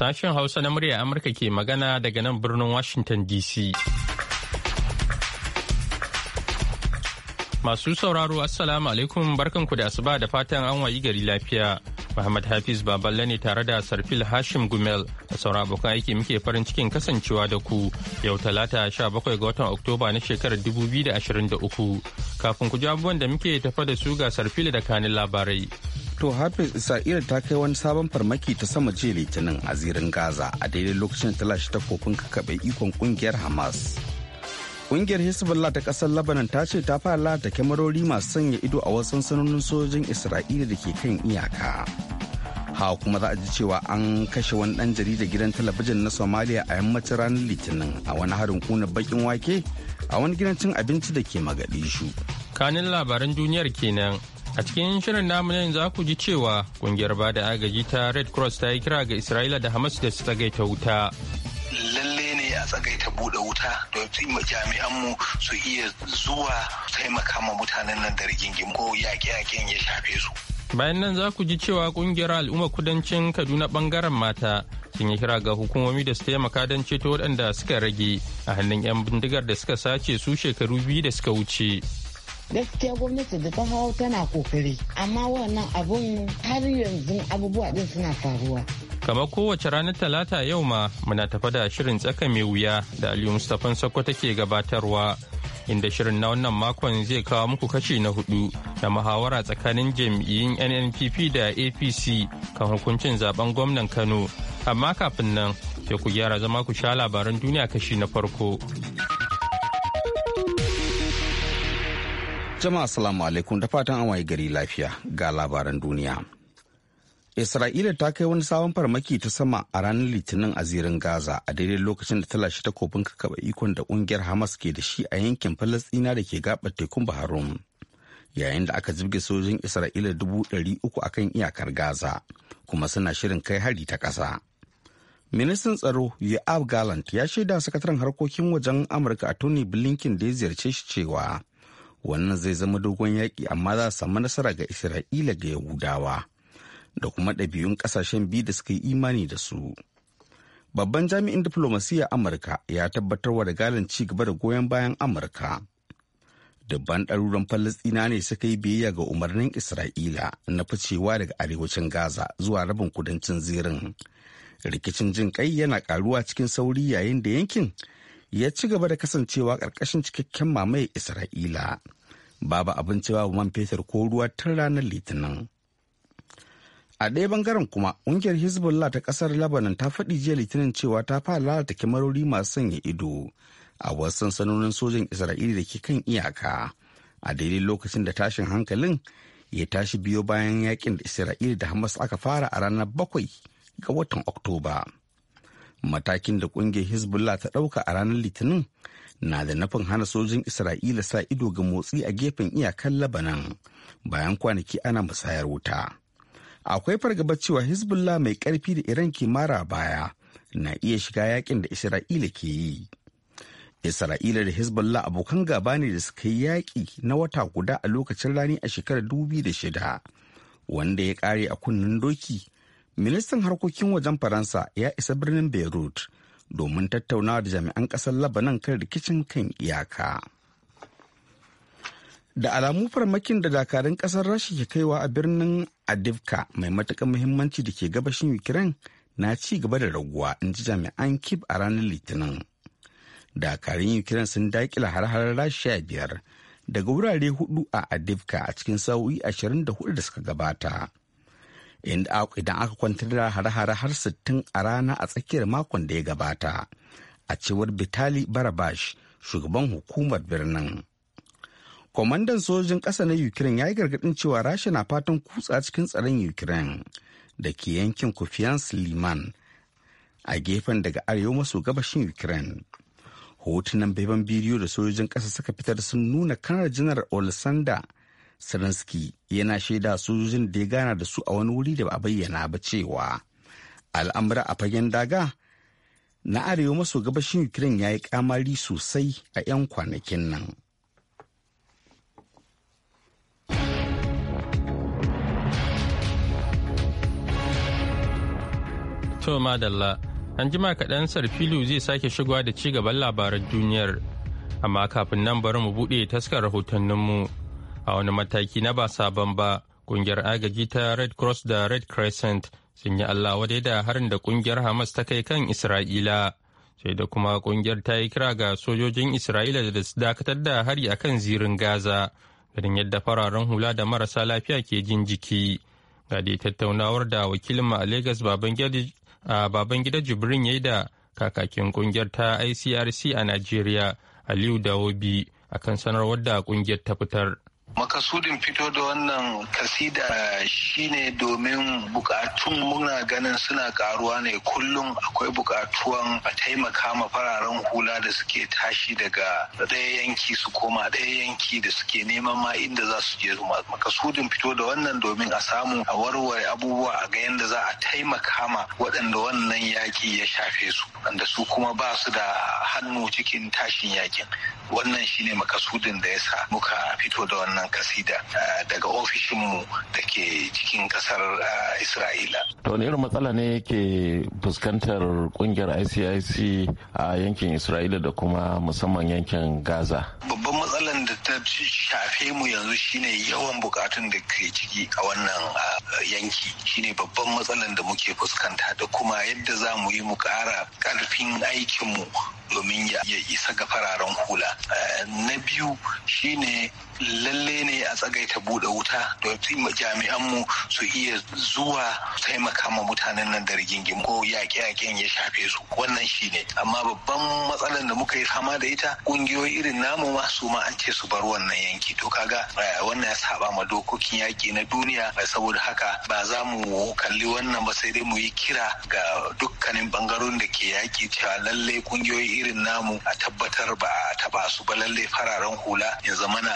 Sashen Hausa na murya Amurka ke magana daga nan birnin Washington DC. Masu sauraro Assalamu alaikum barkanku da asuba da fatan an wayi gari lafiya. Muhammad Hafiz Baballe ne tare da Sarfil Hashim Gumel da sauran abokan aiki muke farin cikin kasancewa da ku yau talata 17 ga watan Oktoba na shekarar 2023. Kafin ku ji abubuwan da muke tafa da su ga Sarfil da kanin labarai. to hafiz isra'ila ta kai wani sabon farmaki ta sama jiya litinin a zirin gaza a daidai lokacin ta lashe takofin ikon kungiyar hamas kungiyar hezbollah ta kasar Labanan ta ce ta fara ta kyamarori masu sanya ido a wasu sansanonin sojojin isra'ila da ke kan iyaka hawa kuma za a ji cewa an kashe wani dan jarida gidan talabijin na somalia a yammacin ranar litinin a wani harin kuna bakin wake a wani gidan cin abinci da ke magadishu kanin labaran duniyar kenan A cikin shirin namu na yanzu ku ji cewa kungiyar ba da agaji ta Red Cross ta yi kira ga Isra'ila da Hamas da su tsagaita wuta. Lalle ne a tsagaita buɗe wuta domin jami'anmu su iya zuwa taimaka ma mutanen nan da rigingim ko yaƙe-yaƙen ya shafe su. Bayan nan za ku ji cewa kungiyar al'umma kudancin Kaduna bangaren mata sun yi kira ga hukumomi da su taimaka don ceto waɗanda suka rage a hannun 'yan bindigar da suka sace su shekaru biyu da suka wuce. gaskiya gwamnati da ta hau tana kokari amma wannan abun har yanzu abubuwa din suna faruwa kamar kowace ranar talata yau ma muna tafa da shirin tsaka mai wuya da aliyu mustapha sakko ke gabatarwa inda shirin na wannan makon zai kawo muku kashi na hudu da muhawara tsakanin jam'iyyun nnpp da apc kan hukuncin zaben gwamnan kano amma kafin nan ya ku gyara zama ku sha labaran duniya kashi na farko Jama'a salamu alaikum da fatan an waye gari lafiya ga labaran duniya. Isra'ila ta kai wani sabon farmaki ta sama a ranar Litinin a zirin Gaza a daidai lokacin da ta lashe takobin kakaba ikon da kungiyar Hamas ke da shi a yankin Falasɗina da ke gabar tekun Baharum. Yayin da aka jirge sojin Isra'ila dubu ɗari uku a kan iyakar Gaza kuma suna shirin kai hari ta ƙasa. Ministan tsaro Yoav Gallant ya shaida sakataren harkokin wajen Amurka a Tony Blinken da ya ziyarce shi cewa wannan zai zama dogon yaƙi amma za su samu nasara ga isra'ila ga yahudawa da kuma ɗabi'un ƙasashen biyu da suka yi imani da su babban jami'in diflomasiyyar amurka ya tabbatar wa da galin ci gaba da goyon bayan amurka dubban ɗaruran falastina ne suka yi biyayya ga umarnin isra'ila na ficewa daga arewacin gaza zuwa rabin kudancin zirin rikicin jin kai yana karuwa cikin sauri yayin da yankin ya ci gaba da kasancewa ƙarƙashin cikakken mamaye isra'ila babu abinci babu man fetur ko ruwa tun ranar litinin a ɗaya bangaren kuma ƙungiyar hezbollah ta ƙasar lebanon ta faɗi jiya litinin cewa ta fara lalata kyamarori masu sanya ido a wasu sansanonin sojan isra'ila da ke kan iyaka a daidai lokacin da tashin hankalin ya tashi biyo bayan yakin da isra'ila da hamas aka fara a ranar bakwai ga watan oktoba matakin da kungiyar hezbollah ta ɗauka a ranar litinin na da nufin hana sojin isra'ila sa ido ga motsi a gefen iyakar labanan bayan kwanaki ana musayar wuta akwai fargaba cewa hezbollah mai ƙarfi da iran ke mara baya na iya shiga yakin da isra'ila ke yi isra'ila da hezbollah abokan gaba ne da suka yi yaƙi na wata guda a lokacin rani a shekarar 2006 wanda ya ƙare a kunnen doki ministan harkokin wajen faransa ya isa birnin beirut domin tattaunawa da jami'an ƙasar labanan kan rikicin kan iyaka da alamu farmakin da dakarun ƙasar rashi ke kaiwa a birnin adivka mai matuƙar muhimmanci da ke gabashin ukraine na ci gaba da raguwa in ji jami'an kib a ranar litinin dakarun ukraine sun daƙila har-harar rashiya biyar daga wurare hudu a adivka a cikin sa'o'i 24 da suka gabata idan aka kwantar da hare-hare har 60 a rana a tsakiyar makon da ya gabata a cewar bitali barabash shugaban hukumar birnin kwamandan sojin ƙasa na ukraine ya yi gargaɗin cewa rasha na fatan kutsa cikin tsaron ukraine da ke yankin kufiyansu liman a gefen daga arewa maso gabashin ukraine hotunan beban bidiyo da sojojin ƙasa suka fitar sun nuna kanar janar Olisanda. Zelensky yana shaida sojojin da ya gana da su a wani wuri da ba a bayyana ba cewa al'amura a fagen daga na arewa maso gabashin Ukraine ya yi kamari sosai a 'yan kwanakin nan. To madalla, an jima kaɗan sarfilu zai sake shigowa da ci gaban labaran duniyar, amma kafin nan bari mu buɗe taskar rahotanninmu. a wani mataki na ba sabon ba kungiyar agaji ta red cross da red crescent sun yi allah wadai da harin da kungiyar hamas ta kai kan isra'ila sai da kuma kungiyar ta yi kira ga sojojin isra'ila da su dakatar da hari a kan zirin gaza ganin yadda fararen hula da marasa lafiya ke jin jiki ga dai tattaunawar da wakilinmu a legas baban gida jibrin ya yi da kakakin kungiyar ta icrc a najeriya aliyu dawobi akan sanarwar da kungiyar ta fitar makasudin fito da wannan kasida shine domin bukatun muna ganin suna karuwa ne kullum akwai bukatuwan a taimaka ma fararen hula da suke tashi daga ɗaya yanki su koma ɗaya yanki da suke neman ma inda za su je zuma makasudin fito da wannan domin a samu a warware abubuwa a ga yadda za a taimaka ma waɗanda wannan yaki ya shafe su wanda su kuma ba su da hannu cikin tashin yakin wannan shine makasudin da ya sa muka fito da wannan wannan kasida ah, daga ofishinmu da ke cikin kasar ah, isra'ila to wani irin matsala ne ke fuskantar kungiyar icic a yankin isra'ila da kuma musamman yankin gaza babban matsalar da ta shafe mu yanzu shine yawan bukatun da ke ciki a wannan ah, yanki shine babban matsalar da muke fuskanta da kuma yadda za mu yi mu kara karfin aikinmu domin ya isa ga fararen hula eh, na biyu shine lalle ne a tsagaita buɗe wuta don jami'anmu su iya zuwa taimaka ma mutanen nan da rigingimu. ko yaƙe-yaƙen ya shafe su wannan shi ne. amma babban matsalar da muka yi fama da ita ƙungiyoyi irin namu ma su ma an ce su bar wannan yanki to kaga eh, wannan ya saba ma dokokin yaƙi na duniya eh, saboda haka ba za mu kalli wannan ba sai dai mu yi kira ga dukkanin bangarorin da ke yaƙi cewa lalle ƙungiyoyi irin namu a tabbatar ba a taba su ba lallai fararen hula ya zamana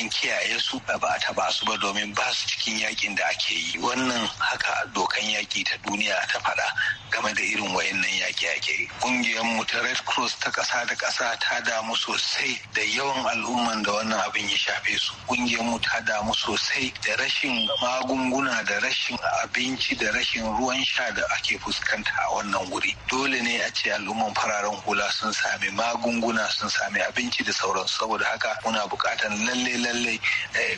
an kiyaye su ba a taba su ba domin ba su cikin yakin da ake yi wannan haka dokan yaki ta duniya ta faɗa game da irin wayannan yaƙe yake ƙungiyar mu ta red cross ta ƙasa da kasa ta damu sosai da yawan al'umman da wannan abin ya shafe su ƙungiyar mu ta damu sosai da rashin magunguna da rashin abinci da rashin ruwan sha da ake fuskanta a wannan wuri dole ne a ce al'umman fararen hula sun sami magunguna sun sami abinci da sauransu saboda haka muna buƙatar lalle lalle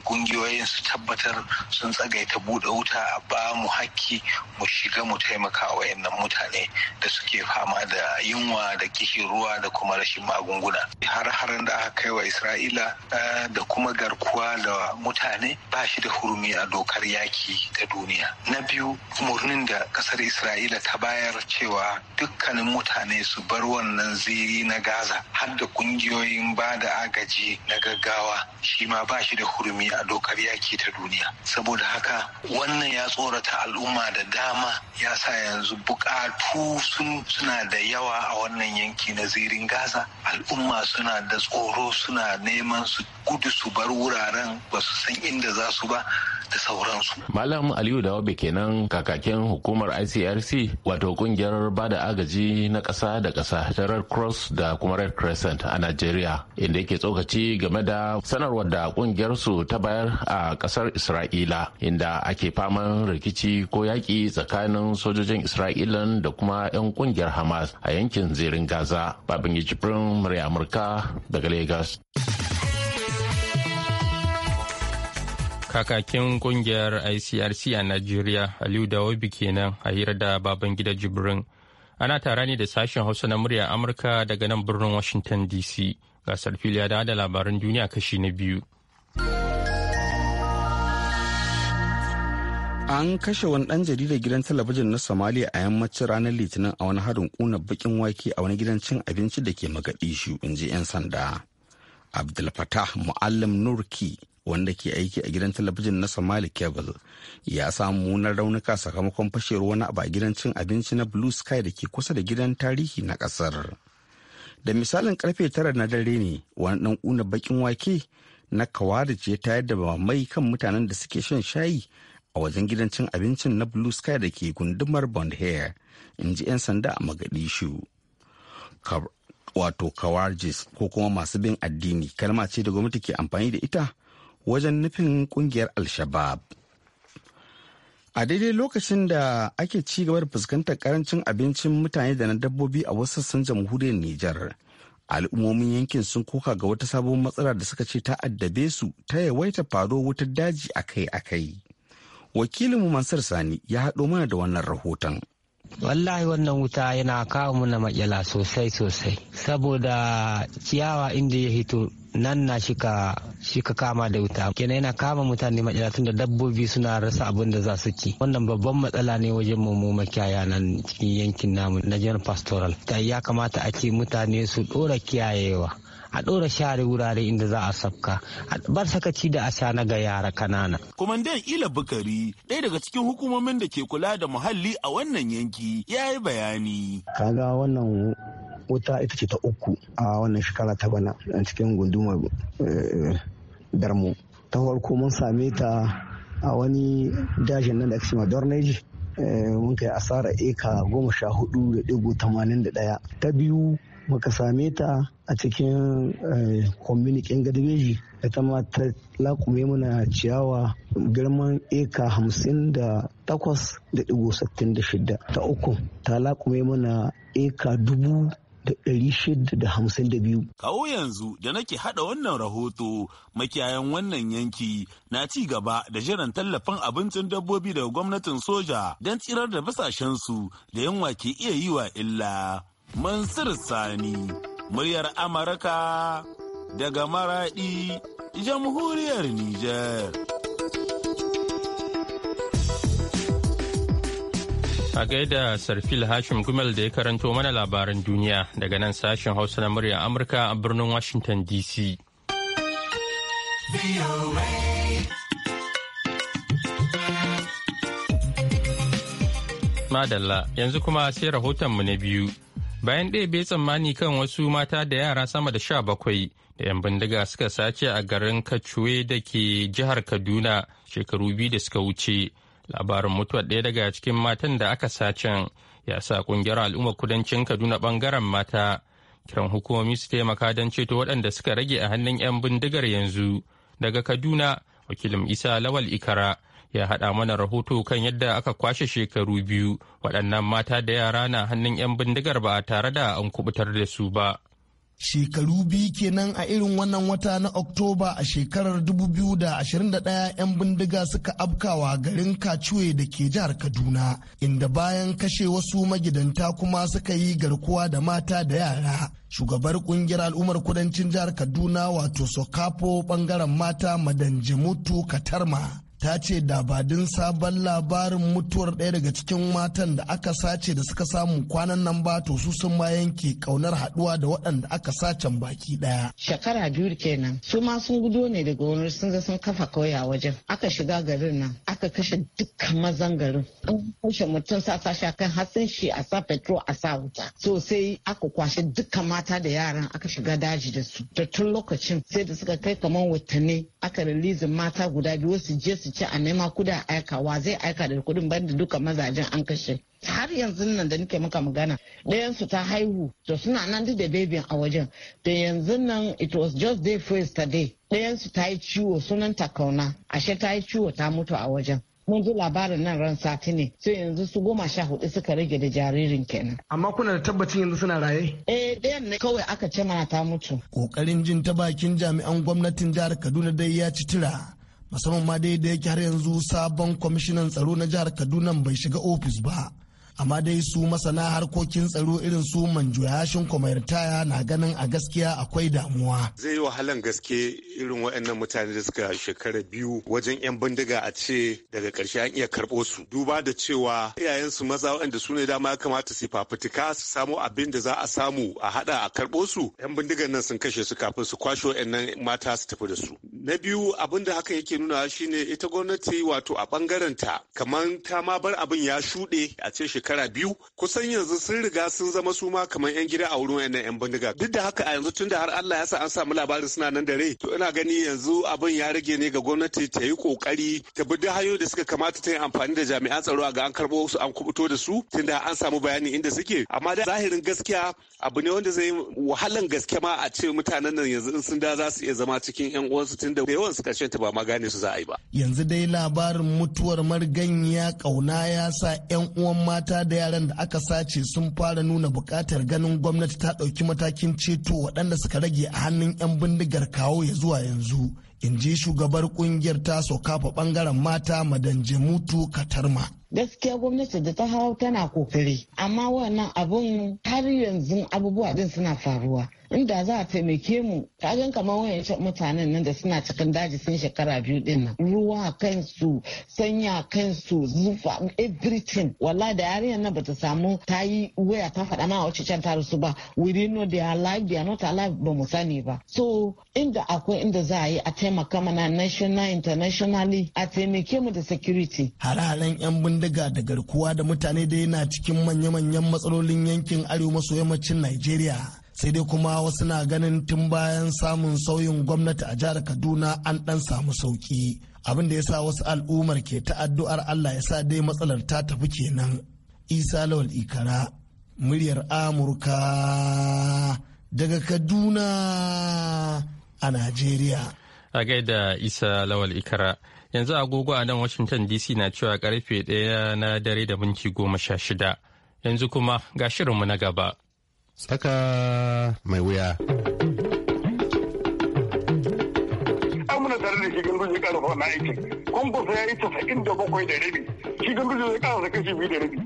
kungiyoyin eh, su tabbatar sun tsagaita buɗe wuta a ba mu hakki mu shiga mu taimaka wa mutane da suke fama da yunwa da kishin ruwa da kuma rashin magunguna har-haren da aka kai wa isra'ila eh, da kuma garkuwa da mutane ba shi da hurumi a dokar yaki ta duniya na biyu murnin da ƙasar isra'ila ta bayar cewa dukkanin mutane su bar wannan asiri na gaza har da kungiyoyin ba da agaji na gaggawa shi ma ba shi da hurumi a dokar yaki ta duniya saboda haka wannan ya tsorata al'umma da dama ya sa yanzu bukatu sun suna da yawa a wannan yanki na zirin gaza al'umma suna da tsoro suna neman su gudu su bar wuraren ba su san inda za su ba da sauransu. Malam Aliyu Dawabe kenan kakakin hukumar ICRC wato kungiyar bada agaji na ƙasa da ƙasa ta Red Cross da kuma Red Crescent a Najeriya inda yake tsokaci game da sanarwar da kungiyar su ta bayar a ƙasar Isra'ila inda ake faman rikici ko yaƙi tsakanin sojojin Isra'ilan da kuma 'yan kungiyar Hamas a yankin zirin Gaza. Babin Jibrin murya Amurka daga Lagos. Kakakin kungiyar ICRC a Najeriya, Aliyu Dawobi kenan a hira da baban gida Jibrin. Ana tara ne da sashen Hausa na murya Amurka daga nan birnin Washington DC. Gasar filiya da da labarin duniya kashi na biyu. An kashe wani ɗan jaridar gidan talabijin na Somalia a yammacin ranar Litinin a wani harin kuna bakin wake a wani gidan cin abinci da ke Magadishu, in ji 'yan sanda. abdulfatah muallim nurki wanda ke aiki a gidan talabijin na somali cable ya samu munar raunuka sakamakon fashewar wani abu a gidan cin abinci na blue sky da ke kusa da gidan tarihi na kasar da misalin karfe tara na dare ne wani dan kuna bakin wake na kawarij ya tayar da mai kan mutanen da suke shan shayi a wajen gidan cin abincin na blue sky da ke gundumar bond hair in ji 'yan sanda a magadishu wato kawarjis ko kuma masu bin addini kalma ce da gwamnati ke amfani da ita wajen nufin kungiyar al-shabab a daidai lokacin da ake ci gaba da fuskantar karancin abincin mutane da na dabbobi a wasu sassan jamhuriyar nijar al'ummomin yankin sun koka ga wata sabon matsala da suka ce ta addabe su ta yawaita faro wutar daji akai-akai wakilinmu mansur sani ya haɗo mana da wannan rahoton wallahi wannan wuta yana kawo mana matsala sosai sosai saboda ciyawa inda ya hito nan na shika shika kama da wuta kenan yana kama mutane matsala tun da dabbobi suna rasa abin da za su ci wannan babban matsala ne wajen mu makiyaya nan cikin yankin namu na jihar pastoral ta ya kamata a ce mutane su dora kiyayewa a ɗora share wurare inda za a sabka bar sakaci da a sha na ga yara kanana. Kwamandan Ila Bukari ɗaya daga cikin hukumomin da ke kula da muhalli a wannan yanki ya yi bayani. Kaga wannan wuta ita ce ta uku a wannan shekara ta bana a cikin gundumar eh, darmo. Ta farko mun same ta a wani dajin nan da ake cewa Dorneji eh, mun kai asara eka goma sha hudu da digo tamanin da ɗaya. Ta biyu muka same ta a cikin kwamminikin eh, garbeji da ta mata lakume muna ciyawa girman eka hamsin da takwas da digo sittin da shida ta uku ta lakume muna eka dubu da ɗari shida da hamsin da biyu. Kawo yanzu da nake haɗa wannan rahoto makiyayan wannan yanki na ci gaba da jiran tallafin abincin dabbobi daga gwamnatin soja don tsirar da basashensu da yanwa ke iya yi wa illa. Mansur Sani, muryar Amurka daga Maraɗi, Jamhuriyar Nijar. A gaida Sarfil Hashim Gumel da ya karanto mana labaran duniya daga nan sashen Hausa na muryar Amurka a birnin Washington DC. Madalla, yanzu kuma sai rahotonmu na biyu. bayan ɗaya bai tsammani kan wasu mata da yara sama da sha bakwai da 'yan bindiga suka sace a garin kacuwe da ke jihar kaduna shekaru biyu da suka wuce labarin mutuwar ɗaya daga cikin matan da aka sacen ya sa ƙungiyar al'ummar kudancin kaduna ɓangaren mata kiran hukumomi su taimaka don ceto waɗanda suka rage a hannun 'yan bindigar yanzu daga kaduna wakilin isa lawal ikara ya haɗa mana rahoto kan yadda aka kwashe shekaru biyu waɗannan mata da yara na hannun 'yan bindigar ba tare da an kubutar da su ba. shekaru biyu kenan a irin wannan wata na oktoba a shekarar 2021 'yan bindiga suka afkawa garin kacuwe da ke jihar kaduna inda bayan kashe wasu magidanta kuma suka yi garkuwa da mata da yara shugabar kungiyar al'ummar kudancin jihar kaduna wato sokapo bangaren mata madanjimutu katarma ta ce dabadin sabon labarin mutuwar ɗaya daga cikin matan da aka sace da suka samu kwanan nan ba to su sun ma yanke kaunar haɗuwa da waɗanda aka sacen baki ɗaya. Shekara biyu kenan su ma sun gudo ne daga wani sun ga sun kafa kauya wajen aka shiga garin nan aka kashe dukkan mazan garin an kashe mutum sa sa shakan hatsin shi a sa fetro a sa wuta so sai aka kwashe dukkan mata da yaran aka shiga daji da su da tun lokacin sai da suka kai kamar watanni aka rilizin mata guda biyu su je su su ce a nema kuda aika wa zai aika da kudin banda duka mazajen an kashe har yanzu nan da nake maka magana ɗayan su ta haihu to suna nan duk da bebin a wajen da yanzu nan it was just day first day ɗayan su ta yi ciwo sunan ta kauna ashe ta yi ciwo ta mutu a wajen mun ji labarin nan ran sati ne sai yanzu su goma sha hudu suka rage da jaririn kenan. Amma kuna da tabbacin yanzu suna raye? Eh ɗayan ne kawai aka ce mana ta mutu. Kokarin jin ta bakin jami'an gwamnatin jihar Kaduna dai ya ci tura musamman ma dai da yake har yanzu sabon kwamishinan tsaro na jihar kaduna bai shiga ofis ba amma dai su masana harkokin tsaro irin su manjo yashin taya na ganin a gaskiya akwai damuwa zai yi wahalan gaske irin waɗannan mutane da suka shekara biyu wajen 'yan bindiga a ce daga ƙarshe an iya karɓo su duba da cewa iyayensu maza waɗanda su ne dama ya kamata su fafutuka su samo abin da za a samu a haɗa a karɓo su 'yan bindigan nan sun kashe su kafin su kwashe waɗannan mata su tafi da su na biyu abin da haka yake nuna shine ita gwamnati wato a bangaren ta kamar ta ma bar abin ya shuɗe a ce shekara biyu kusan yanzu sun riga sun zama su ma kamar yan gida a wurin wayannan yan bindiga duk da haka a yanzu tunda har Allah ya sa an samu labarin suna nan da rai to ina gani yanzu abin ya rage ne ga gwamnati ta yi kokari ta bi duk hanyoyin da suka kamata ta yi amfani da jami'an tsaro ga an karɓo su an kubuto da su tunda an samu bayani inda suke amma da zahirin gaskiya abu ne wanda zai wahalan gaske ma a ce mutanen nan yanzu in sun da za su iya zama cikin yan uwansu tun da yawan su karshen ta ba ma su za a yi ba. Yanzu dai labarin mutuwar marganya kauna ya sa 'yan uwan mata da yaran da aka sace sun fara nuna bukatar ganin gwamnati ta ɗauki matakin ceto waɗanda suka rage a hannun 'yan bindigar kawo ya zuwa yanzu. in ji shugabar kungiyar sauka kafa bangaren mata madanje mutu katarma gaskiya gwamnati da ta hau tana kokari amma wannan abun har yanzu abubuwa din suna faruwa inda za a taimake mu ka gan kamar wayancan mutanen nan da suna cikin daji sun shekara biyu din ruwa kansu sanya kansu zufa everything walla da yarinyar nan bata samu ta yi waya ta faɗa ma wacce can ta rasu ba we didn't know they are alive they are not alive ba mu sani ba so inda akwai inda za a yi a taimaka mana national internationally a taimake mu da security hararen yan bindiga da garkuwa da mutane da yana cikin manya-manyan matsalolin yankin arewa maso yammacin Najeriya sai dai kuma wasu na ganin tun bayan samun sauyin gwamnati a jihar kaduna an ɗan samu sauƙi abin da ya sa wasu al'ummar ke ta addu'ar allah ya sa dai matsalar ta tafi kenan isa lawal ikara muryar amurka daga kaduna a najeriya a gaida isa lawal ikara yanzu agogo a nan washington dc na cewa karfe ɗaya na dare da minti goma sha shida yanzu kuma ga shirinmu na gaba Saka mai wuya. Amuna tare da shi gundu shi karfa aikin. kwamfus ya yi tasa'in da bakwai da rabi shi gandu zai kara da kashi biyu da rabi.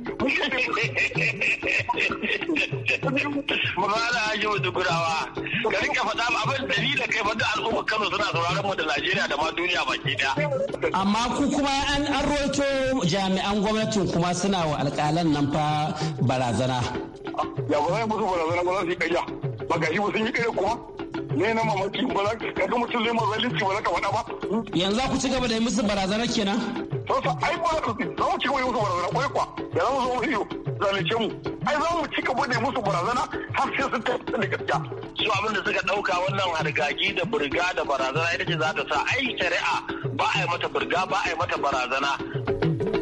Mafala Haji Mutu Gurawa, ka rika faɗa abin dari da kai faɗi al'umma Kano suna sauraron mu da Najeriya da ma duniya baki ɗaya. Amma ku kuma an roto jami'an gwamnatin kuma suna wa alƙalan nan fa barazana. Ya ba za musu barazana ba za su yi ƙarya. Ba ga shi ba yi ƙarya kuma. ne na mamaki ba za ka ga mutum zai mazalici ba za ka faɗa ba. yanzu za ku ci gaba da yi musu barazana kenan. sassa ai ba za mu ci gaba da yi musu barazana kwai kwa ya za mu zo mu iyo mu ai za mu ci gaba da yi musu barazana har sai sun tafi da gaskiya. su abin da suka ɗauka wannan hargagi da burga da barazana ita ce za ta sa ai shari'a ba a yi mata burga ba a yi mata barazana.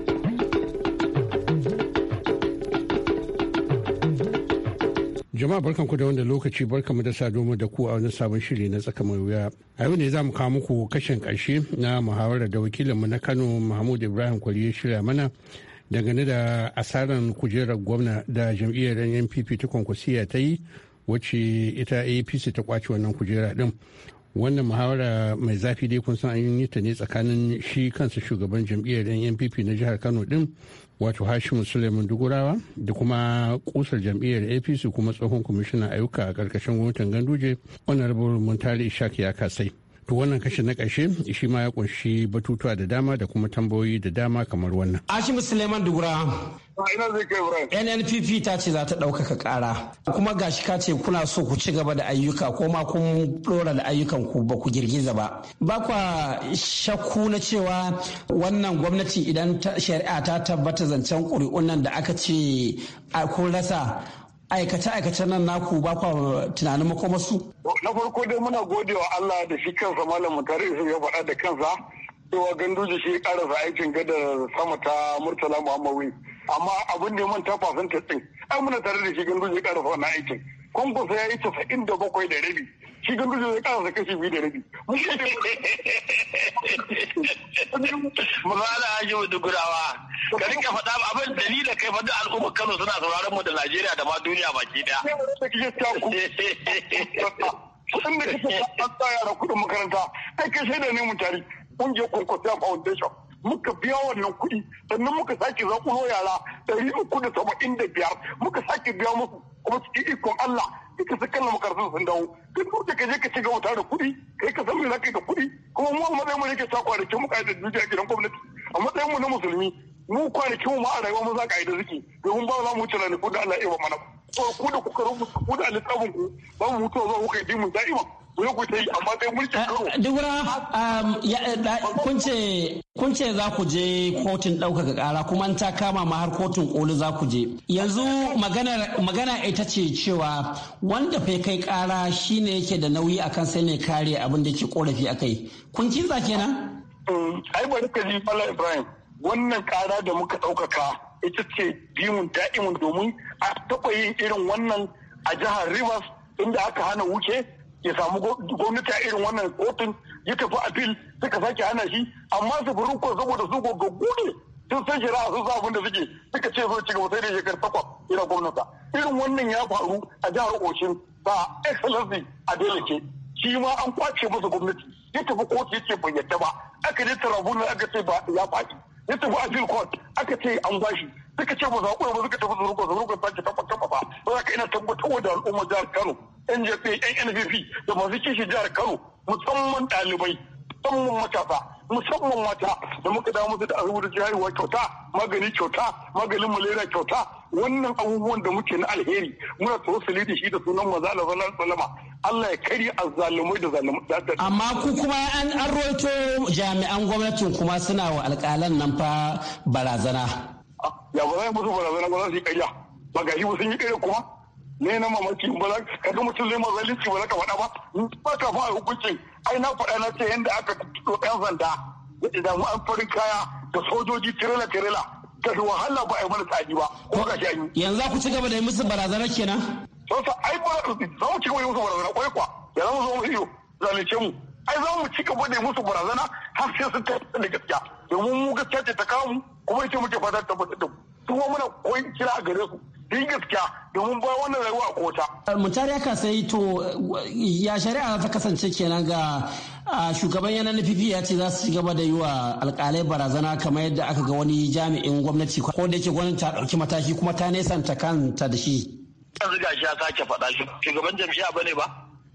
Jama'a barkanku da wanda lokaci mu da saduwa da ku a wani sabon shiri na tsaka mai wuya. A yau ne za mu kawo muku kashin karshe na muhawarar da wakilinmu na Kano Mahmud Ibrahim Kwari ya shirya mana dangane da asarar kujerar gwamna da jam'iyyar NPP ta kwankwasiya ta yi wacce ita apc ta kwace wannan kujera din wannan muhawara mai zafi dai kun san an yi ta ne tsakanin shi kansa shugaban jam'iyyar yan npp na jihar kano din wato hashimu suleiman dugurawa da kuma kusar jam'iyyar apc kuma tsohon kwamishinan ayyuka a karkashin gwamnatin ganduje honorable muntari ishaq ya kasai to wannan kashe na ƙarshe shi ma ya kunshi batutuwa da dama da kuma tambayoyi da dama kamar wannan ashim suleiman dugura nnpp ta ce za ta ɗaukaka ƙara kuma gashi ka ce kuna so ku ci gaba da ayyuka ko ma kun ɗora da ayyukan ku ba ku girgiza ba ba kwa shakku na cewa wannan gwamnati idan shari'a ta tabbata zancen ƙuri'un nan da aka ce kun rasa aikace-aikacen nan naku ba kwa tunanin makomarsu? Na farko dai muna gode wa Allah da shi kansa Malam Mutare sun ya faɗa da kansa cewa ganduji shi karasa aikin gada sama ta Murtala Muhammadu. Amma abin da manta fasanta tattin, ai muna tare da shi ganduji ya karasa wannan aikin. Kwankwasa ya yi casa'in da bakwai da rabi. Shi da ya karasa kashi biyu da rabi. Mala Hajimu Dugurawa, ka rika faɗa abin dalilin kai faɗin al'umma Kano suna sauraron mu da Najeriya da ma duniya baki ɗaya. Kuɗin da kake an tsaya da kuɗin makaranta, kai kai sai da ne mu tare, ƙungiyar Kwankwasiya Foundation. muka biya wannan kuɗi sannan muka sake zaƙulo yara ɗari uku da saba'in da biyar muka sake biya musu kuma cikin ikon Allah ita su kalla makarantar sun dawo duk burta ka je ka ci gaba tare da kuɗi kai ka san me za ka yi da kuɗi kuma mu a matsayin mu ne ke sa kwanakin mu da duniya gidan gwamnati a matsayin mu na musulmi mu kwanakin mu ma a rayuwa mu za ka yi da ziki domin ba za mu wuce ranaku da Allah ya yi wa mana. Ko ku da kuka rubuta ku da littafin ku ba mu mutuwa za kuka kai dimin da'iman. lokuta yi amma ah, um, kun ce za ku je kotun ɗaukaka ƙara kuma ta kama ma har kotun ƙoli za ku je. Yanzu magana ita ce cewa wanda fai kai ƙara shine yake da nauyi akan sai ne kare abin da ke korafi a kai. Kun kinza kenan? Mm, ai bari ka ji Fala Ibrahim wannan ƙara da muka ɗaukaka ita ce biyun da'imun domin a taɓa yin irin wannan a jihar Rivers inda aka hana wuce ya samu gwamnati a irin wannan kotun ya tafi apil suka sake hana shi amma sufurin ko saboda su gogaggu ne sun san shari'a sun sa abin da suke suka ce zo ci gaba sai da shekaru takwas ina gwamnata irin wannan ya faru a jihar oshin ba excellency a delake shi ma an kwace masa gwamnati ya tafi kotu ya ce bai yadda ba aka je tarabunan aka ce ba ya faɗi ya tafi apil court aka ce an bashi suka ce ba za ku ba suka tafi su rubuta su rubuta sake tafa kafa ba don ka ina tabbatar da al'ummar jihar Kano NJP NNPP da masu kishi jihar Kano musamman ɗalibai musamman matasa musamman mata da muka damu da asibiti wa kyauta magani kyauta maganin malaria kyauta wannan abubuwan da muke na alheri muna tawassuli da shi da sunan maza Allah salama Allah ya kari azzalumai da zalumai amma ku kuma an arwato jami'an gwamnatin kuma suna wa alƙalan nan fa barazana ya ba za musu barazana ba za su yi ƙarya ba ga shi sun yi ƙarya kuma ne na mamaki ba za ka ga mutum zai mazalici ba za ka faɗa ba ba ka fara hukunci ai na faɗa na ce yadda aka tuto ɗan sanda da idan an farin kaya da sojoji tirela tirela da wahala ba a yi mana tsadi ba ko ga shi yanzu za ku ci gaba da yi musu barazana kenan. sosa ai ba za mu ci gaba da yi musu barazana kwai kwa ya zama zo mu iyo zalice mu ai za mu ci gaba da yi musu barazana har sai sun tafi da gaskiya. domin mu gaskiya ce ta kamu kuma ita muke ta fata tabbatar da kuma muna koyi kira a gare su yin gaskiya domin ba wannan rayuwa a kota. mutare ka sai to ya shari'a ta kasance kenan ga shugaban yanar na ya ce za su ci gaba da yi wa alkalai barazana kamar yadda aka ga wani jami'in gwamnati ko da yake gwamnati ta ɗauki mataki kuma ta nesanta kanta da shi. yanzu gashi ya sake faɗa shugaban jam'iyya ba ne ba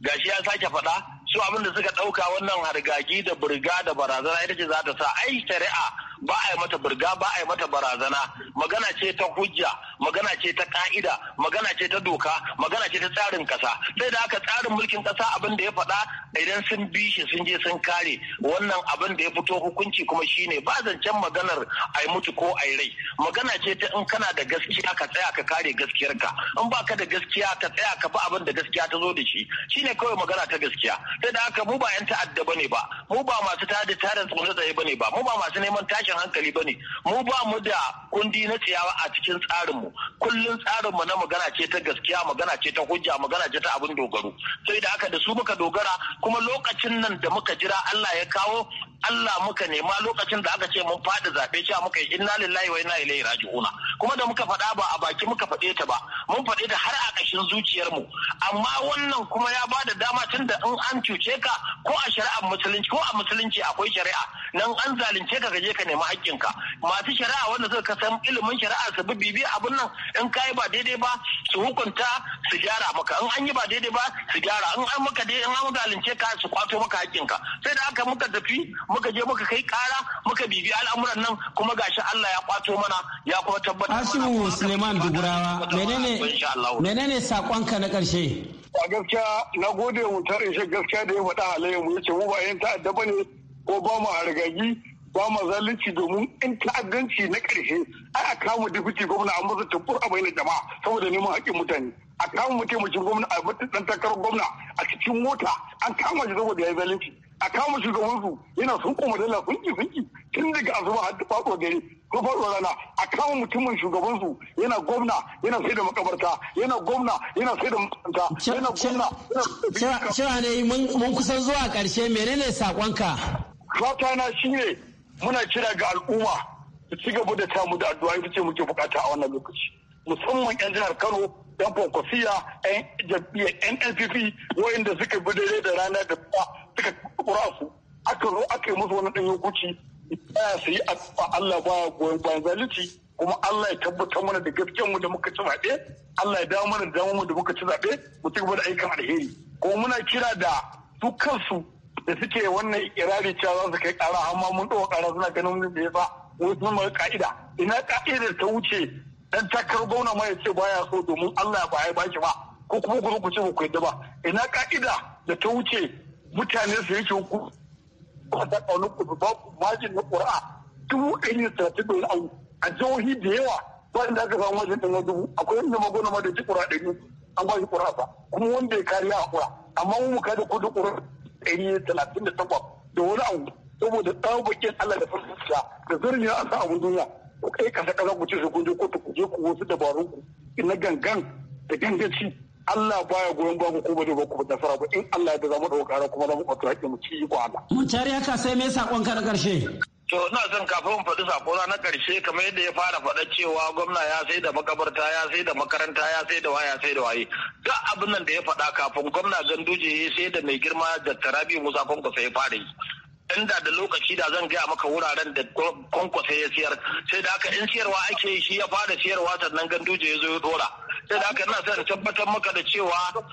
gashi ya sake faɗa su abin da suka ɗauka wannan hargagi da burga da barazana ita ce za ta sa ai shari'a ba a yi mata burga ba a yi mata barazana magana ce ta hujja magana ce ta ka'ida magana ce ta doka magana ce ta tsarin kasa sai da aka tsarin mulkin kasa abin da ya faɗa idan sun bi shi sun je sun kare wannan abin da ya fito hukunci kuma shine ba zancen maganar ai mutu ko ai rai magana ce ta in kana da gaskiya ka tsaya ka kare ka. in ba ka da gaskiya ka tsaya ka bi abin da gaskiya ta zo da shi shine kawai magana ta gaskiya sai da aka mu ba yan ta'adda bane ba mu ba masu tada tarin tsone tsaye bane ba mu ba masu neman tashin hankali bane mu ba mu da kundi na ciyawa a cikin tsarinmu kullum tsarinmu na magana ce ta gaskiya magana ce ta hujja magana ce ta abin dogaro sai da aka da su muka dogara kuma lokacin nan da muka jira Allah ya kawo Allah muka nema lokacin da aka ce mun faɗi zaɓe cewa muka yi inna lillahi wa inna ilaihi raji'una kuma da muka faɗa ba a baki muka faɗe ta ba mun faɗe ta har a ƙashin zuciyar mu amma wannan kuma ya bada dama tunda da in an cuce ka ko a shari'ar musulunci ko a musulunci akwai shari'a nan an zalunce ka gaje ka nemi haƙƙinka masu shari'a wanda suka san ilimin shari'a su bi bibi abin nan in yi ba daidai ba su hukunta su gyara maka in an yi ba daidai ba su gyara in an maka dai in an zalunce ka su kwato maka haƙƙinka sai da aka muka tafi muka je muka kai kara muka bibi al'amuran nan kuma gashi Allah ya kwato mana ya kuma tabbatar Asimu Suleiman Dugurawa menene menene sakonka na karshe a gaskiya na gode mu tarin shi gaskiya da ya faɗa halayen mu yace mu ba yan ta'adda bane ko ba mu hargagi ba mu zalunci domin in ta'addanci na karshe ai a kawo dubuci gwamna an masa tukur a bayyana jama'a saboda neman haƙƙin mutane a kama mataimakin gwamna a dan takarar gwamna a cikin mota an kama shi saboda ya yi zalunci a kama shugabansu yana sun kuma dala kunki kunki tun daga asuba har faɗo gari ko faruwa rana a kama mutumin shugabansu yana gwamna yana sai da makabarta yana gwamna yana sai da makabarta yana gwamna shira ne mun kusan zuwa ƙarshe menene sakonka fata na shine muna kira ga al'umma su ci gaba da tamu da addu'a ita ce muke bukata a wannan lokaci musamman 'yan jihar kano yan fokwasiya yan jam'iyyar nnpp wa'inda suka bi da rana da suka kura su aka zo aka yi musu wani ɗan hukunci ya su yi Allah ba goyon bayan zalunci kuma Allah ya tabbatar mana da gaskiyar mu da muka ci zaɓe Allah ya dawo mana da mu da muka ci zaɓe mu ci gaba da aikin alheri kuma muna kira da su kansu da suke wannan irari cewa za su kai ƙara amma mun ɗauka ƙara suna ganin da ya sa wasu sun mara ka'ida ina ka'idar ta wuce dan takar gauna ma ya ce baya so domin Allah ba ya ba ko kuma ku ku ce ku yadda ba ina ka'ida da ta wuce mutane su yi shuku da ƙaunar kudu ba majin na ƙura'a dubu ɗari da talatin da wani abu a jihohi da yawa ba da aka samu majin ɗan dubu akwai inda magona ma da ji ƙura'a ɗari an ba shi ƙura'a ba kuma wanda ya kariya a ƙura'a amma mu kada kudu ƙura'a ɗari da talatin da takwas da wani abu saboda bakin Allah da farfasa da zurni a sa abun duniya ko kai kasa kasa ku ce su kun je kotu ku je ku wasu dabarun ku na gangan da gangaci. Allah baya goyon ba ku ba ba ku nasara ba in Allah ya za mu dauka ƙara kuma za mu kwato hakkin mu ci ko Allah. Mun tare haka sai me sakon ka na karshe. To ina son kafin faɗi sako na karshe kamar yadda ya fara faɗa cewa gwamna ya sai da makabarta ya sai da makaranta ya sai da waya sai da waye. Ga abin nan da ya faɗa kafin gwamna ganduje ya sai da mai girma da tarabi musa sai ya fara yi. inda da lokaci da zan gaya maka wuraren da kwankwasa ya siyar sai da aka in siyarwa ake yi shi ya fara siyarwa sannan ganduje ya zo ya dora. sai da haka ina son tabbatar maka da cewa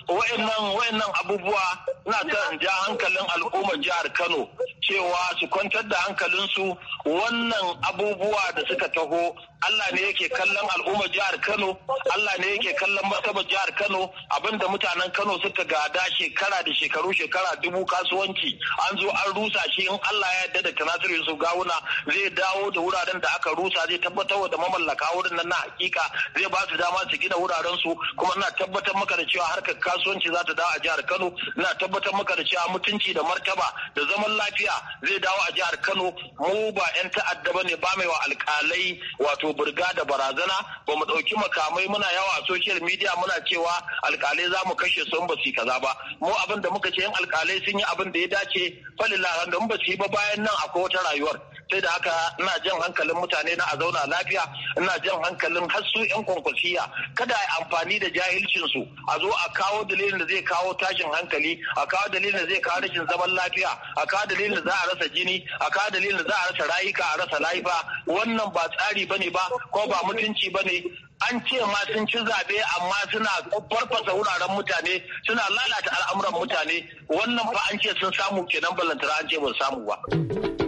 wayannan abubuwa na son ja hankalin al'ummar jihar Kano cewa su kwantar da hankalinsu wannan abubuwa da suka taho Allah ne yake kallon al'ummar jihar Kano, Allah ne yake kallon martabar jihar Kano, abinda mutanen Kano suka gada shekara da shekaru shekara dubu kasuwanci an zo an rusa shi in Allah ya yarda da Tanasir Yusuf Gawuna zai dawo da wuraren da aka rusa zai tabbatar da mamallaka wurin nan na hakika zai ba su dama su gina wuraren su kuma ina tabbatar maka da cewa harkar kasuwanci za ta dawo a jihar Kano, Ina tabbatar maka da cewa mutunci da martaba da zaman lafiya zai dawo a jihar Kano mu ba 'yan ta'adda bane ba mai wa alkalai wato wato burga da barazana ba mu ɗauki makamai muna yawa a social media muna cewa alkalai za mu kashe su ba su kaza ba mu abin da muka ce in alkalai sun yi abin da ya dace falilla da ba su yi ba bayan nan akwai wata rayuwar sai da haka ina jan hankalin mutane na a zauna lafiya ina jan hankalin har su yan kwankwasiya kada a amfani da jahilcin su a zo a kawo dalilin da zai kawo tashin hankali a kawo dalilin da zai kawo rashin zaman lafiya a kawo dalilin da za a rasa jini a kawo dalilin da za a rasa rayuka a rasa laifa wannan ba tsari bane ba ko ba mutunci bane an ce ma sun ci zaɓe amma suna farfasa wuraren mutane suna lalata al'amuran mutane wannan fa an ce sun samu kenan ballantara an ce ban samu ba.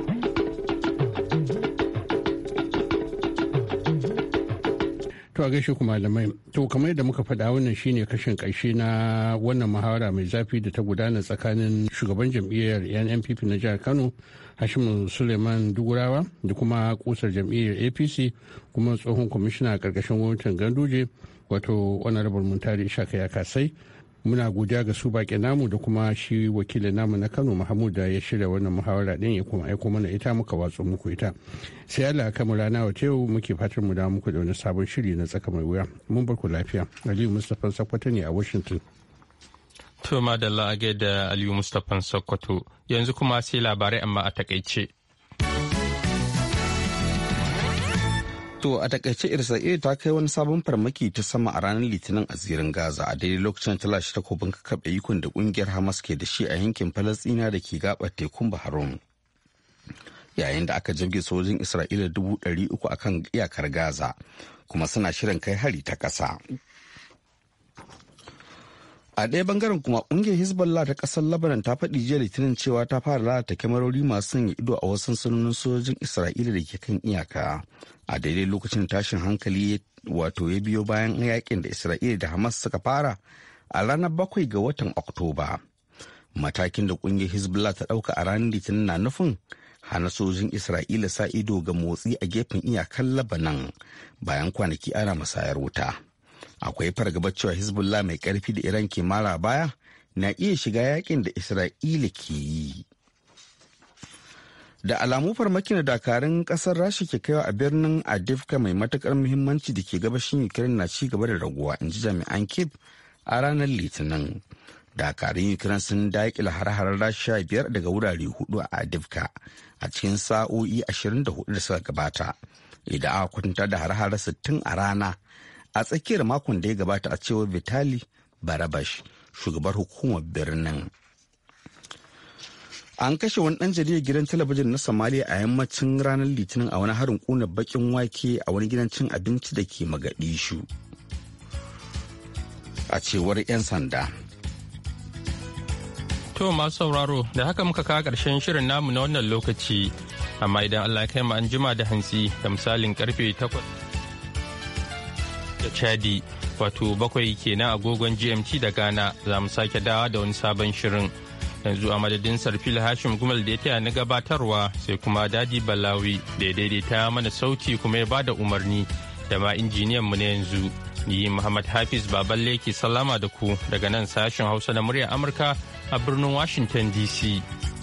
To a gaishe kuma malamai. To kamar da muka faɗa wannan shine kashin ƙarshe na wannan muhawara mai zafi da ta gudana tsakanin shugaban jam'iyyar NNPP na jihar Kano Hashimu Suleiman Dugurawa da kuma kusar jam'iyyar APC kuma tsohon kwamishina a ƙarƙashin gwamnatin Ganduje wato wani mun tare Ishaka ya kasai. muna godiya ga su baƙi namu da kuma shi wakilin namu na kano mahmud da ya shirya wannan muhawara ɗin ya kuma aiko mana ita muka watsa muku ita sai allah ka mu rana wa yau muke fatan mu da muku da wani sabon shiri na tsaka mai wuya mun bar ku lafiya aliyu mustapha sakwato ne a washington to madalla a da aliyu mustapha sakwato yanzu kuma sai labarai amma a takaice To a takaice Isra'ila ta kai wani sabon farmaki ta sama a ranar Litinin a zirin Gaza a daidai lokacin ta kobin takobin kakaɓe ikon da ƙungiyar Hamas ke da shi a yankin Falasɗina da ke gabar tekun Baharun. Yayin da aka jirge sojin Isra'ila dubu ɗari uku akan iyakar Gaza kuma suna shirin kai hari ta ƙasa. a ɗaya bangaren kuma ƙungiyar hezbollah ta ƙasar labanan ta faɗi jiya litinin cewa ta fara lalata kyamarori masu sanya ido a wasu sansanonin sojojin isra'ila da ke kan iyaka a daidai lokacin tashin hankali wato ya biyo bayan yakin da isra'ila da hamas suka fara a ranar bakwai ga watan oktoba matakin da ƙungiyar hezbollah ta ɗauka a ranar litinin na nufin hana sojojin isra'ila sa ido ga motsi a gefen iyakar labanan bayan kwanaki ana musayar wuta akwai fargabar cewa hezbollah mai karfi da iran ke mara baya na iya shiga yakin da isra'ila ke yi da alamu farmakin da dakarun kasar rasha ke kaiwa a birnin adifka mai matukar muhimmanci da ke gabashin ukraine na ci gaba da raguwa in ji jami'an kif a ranar litinin dakarun ukraine sun daƙila har-harar rasha biyar daga wurare hudu a adifka a cikin sa'o'i 24 da suka gabata idan aka kwatanta da har-harar 60 a rana a tsakiyar makon da ya gabata a cewar vitali barabash shugabar hukumar birnin an kashe wani dan jaridar gidan talabijin na somalia a yammacin ranar litinin a wani harin kuna bakin wake a wani gidan cin abinci da ke magadishu a cewar 'yan sanda to masu sauraro da haka muka kawo karshen shirin namu na wannan lokaci amma idan allah ya kai mu an jima da hantsi da misalin karfe takwas. Chadi wato bakwai kenan agogon GMT da Ghana za mu sake dawa da wani sabon shirin. Yanzu a madadin Sarfil Hashim Gumal da ya taya na gabatarwa sai kuma Dadi Balawi da ya daidaita mana sauti kuma ya ba da umarni da ma injiniyan mu na yanzu. Ni Muhammad Hafiz Baballe ke sallama da ku daga nan sashen Hausa na muryar Amurka a birnin Washington DC.